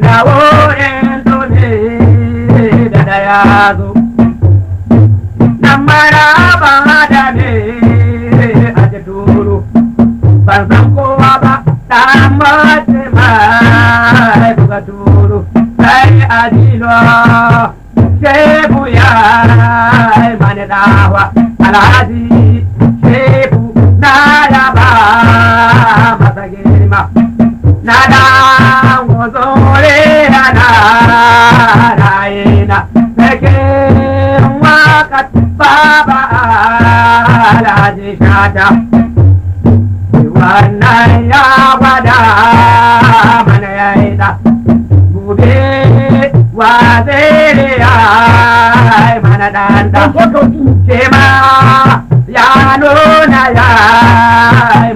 dawo yan tone da da ya zo dan maraba da ne a da ban san kowa ba da mace ma duka duro sai a dilo sai buya mani dawa alhaji kat baba alhaji shata wannan ya gwada mana ya yi da gobe wa zai ya mana danda ke ma ya nuna ya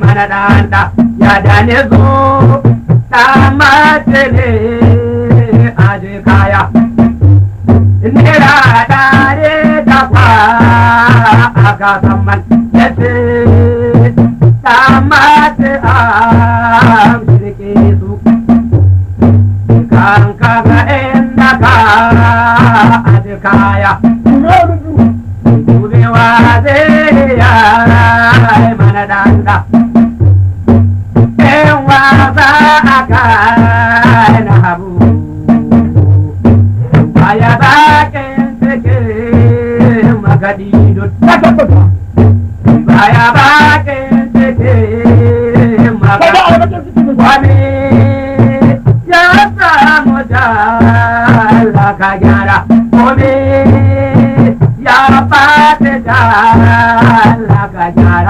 mana danda ya dane zo ta matele a gasan man ya ce ta mace a shirke su kan kaga inda ka aji kaya dubewa zai yara mana danda in wasa a kai na habu Allah ka gyara gobe ya rabba ta Allah ka gyara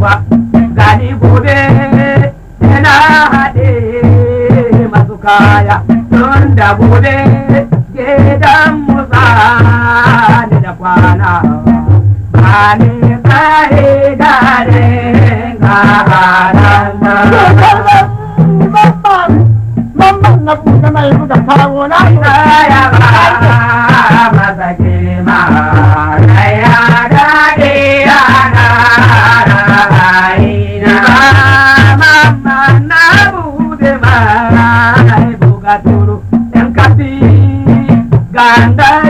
ba gani gobe yana haɗe masu kaya don da gobe gidan musa ne da kwana ba ne tsaye gare ga ranar Mamman na kuka mai buga kawo na ya ba. da da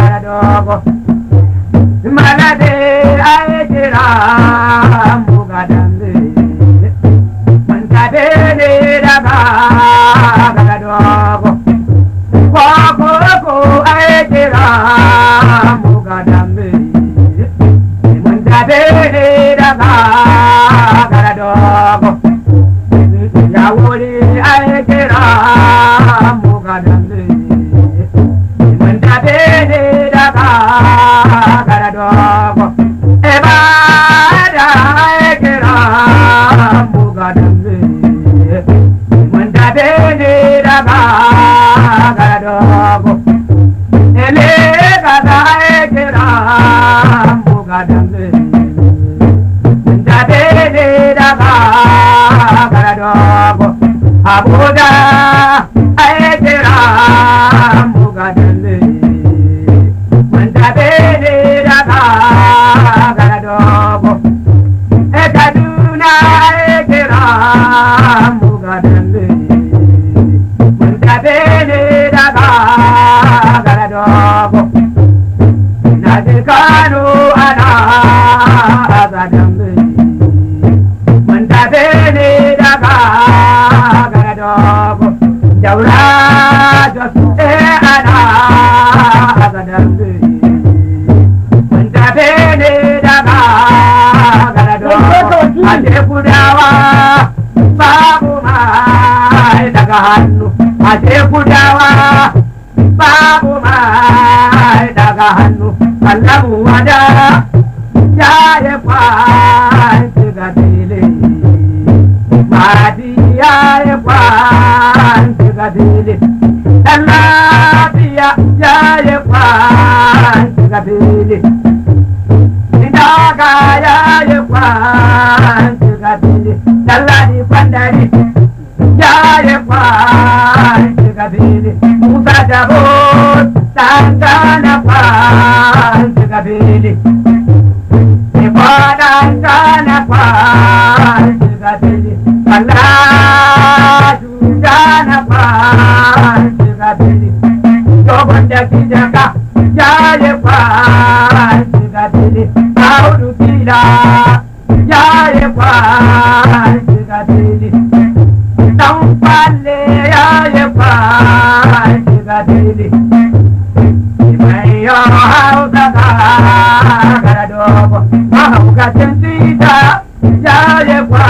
a gudawa babu mai daga hannu allabu wada ya yi kwanci ga dele madi ya yi kwanci ga dele dan lafiya ya yi kwanci ga dele daga ya yi kwanci ga dele dan lafiya ya yi kwanci dabo tangana pan gabili ni badan kana pan gabili kala jana pan gabili to banda kijaka jale pan gabili audu kila jale pan gabili gara dogo mahaukatin tita ya yi kwa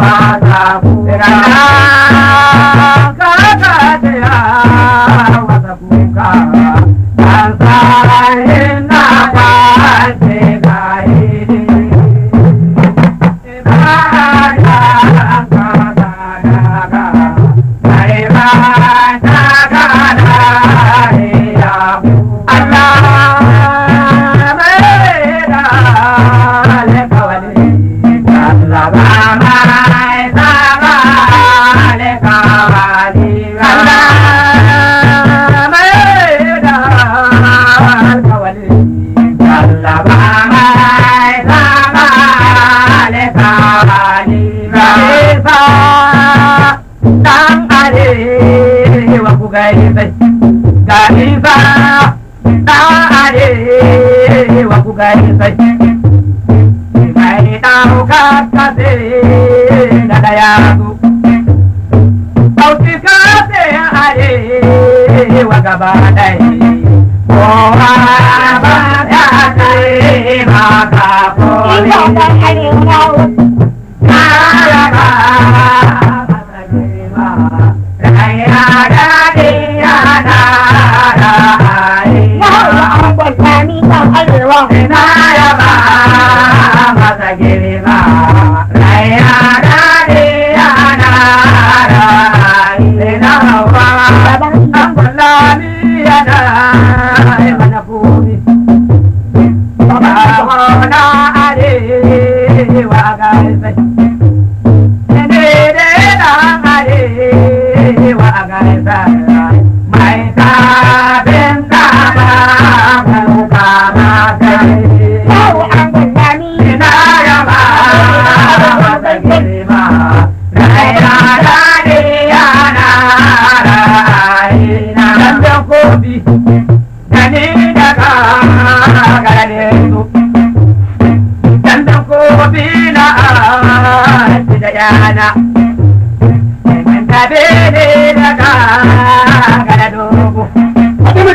wa ta ku 你早上开灵光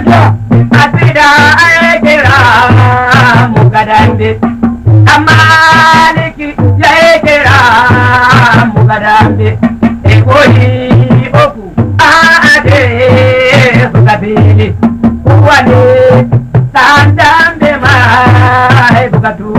mutu a tsida a kira mu gadande amma liki ya kira mu gadande e koyi oku a ade su kabili kuwa ne sandan ma e bukatu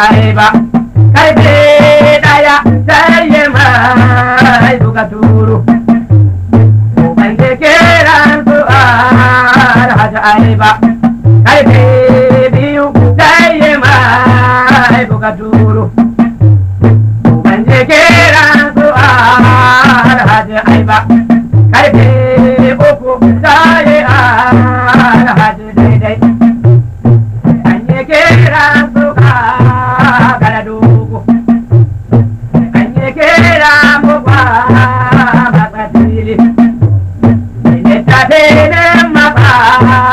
ai ba karfe daya sai ya mai buga turu ban ke kiran su ai ba karfe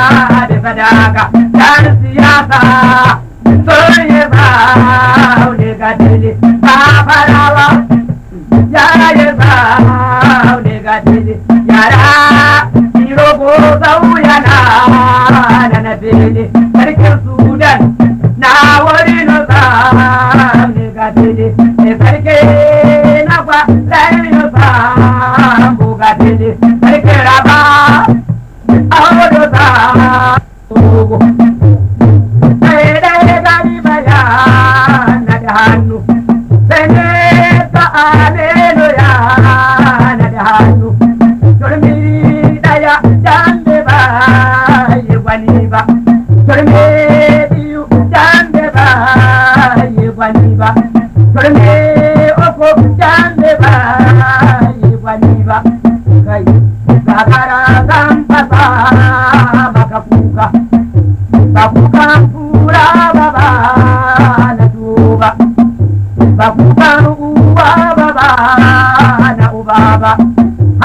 da sadaka dan siyasa sun yi zau ne ga dili fafarawa ya yi zau ne ga dili yara iro ko zau yana da na dili त आे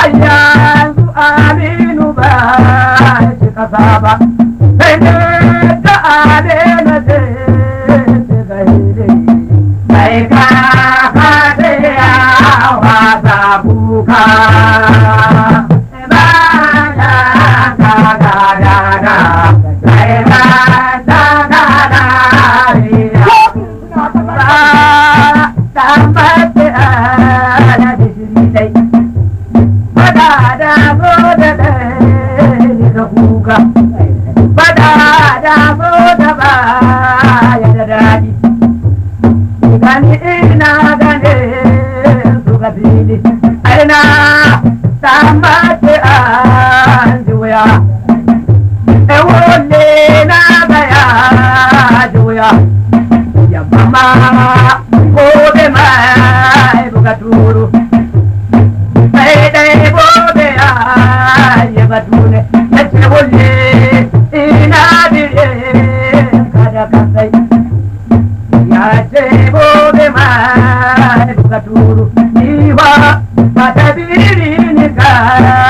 ayya su aminu ba shi kasa Bravo! रा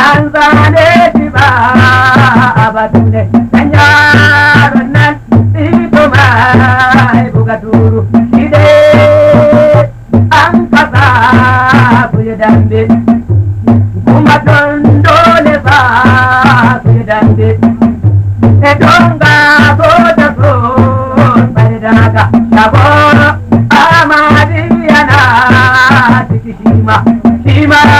an zane shi ba a batun ne dan yaron nan ito buga duru shi dai an fasa buye dambe kuma don dole fa buye dambe e don ga so da so bari da haka amadi yana ciki shima shima